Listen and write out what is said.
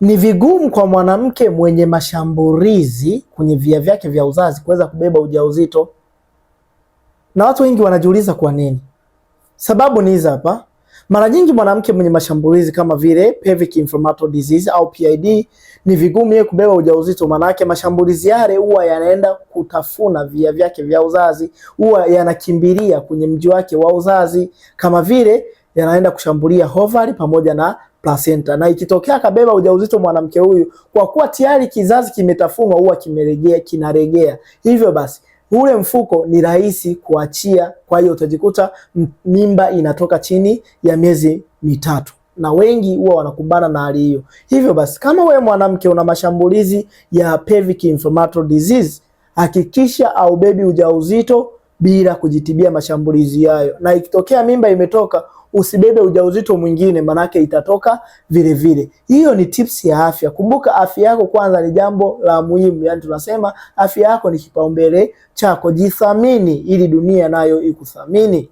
Ni vigumu kwa mwanamke mwenye mashambulizi kwenye via vyake vya uzazi kuweza kubeba ujauzito, na watu wengi wanajiuliza kwa nini. Sababu ni hizi hapa. Mara nyingi mwanamke mwenye mashambulizi kama vile pelvic inflammatory disease au PID ni vigumu yeye kubeba ujauzito, manake mashambulizi yale huwa yanaenda kutafuna via vyake vya uzazi, huwa yanakimbilia kwenye mji wake wa uzazi, kama vile yanaenda kushambulia hovari pamoja na placenta, na ikitokea akabeba ujauzito mwanamke huyu, kwa kuwa tayari kizazi kimetafunwa, huwa kimeregea, kinaregea. Hivyo basi ule mfuko ni rahisi kuachia, kwa hiyo utajikuta mimba inatoka chini ya miezi mitatu na wengi huwa wanakumbana na hali hiyo. Hivyo basi, kama wewe mwanamke una mashambulizi ya pelvic inflammatory disease, hakikisha aubebi ujauzito bila kujitibia mashambulizi yayo, na ikitokea mimba imetoka usibebe ujauzito mwingine, manake itatoka vile vile. Hiyo ni tips ya afya. Kumbuka afya yako kwanza ni jambo la muhimu, yani tunasema afya yako ni kipaumbele chako. Jithamini ili dunia nayo ikuthamini.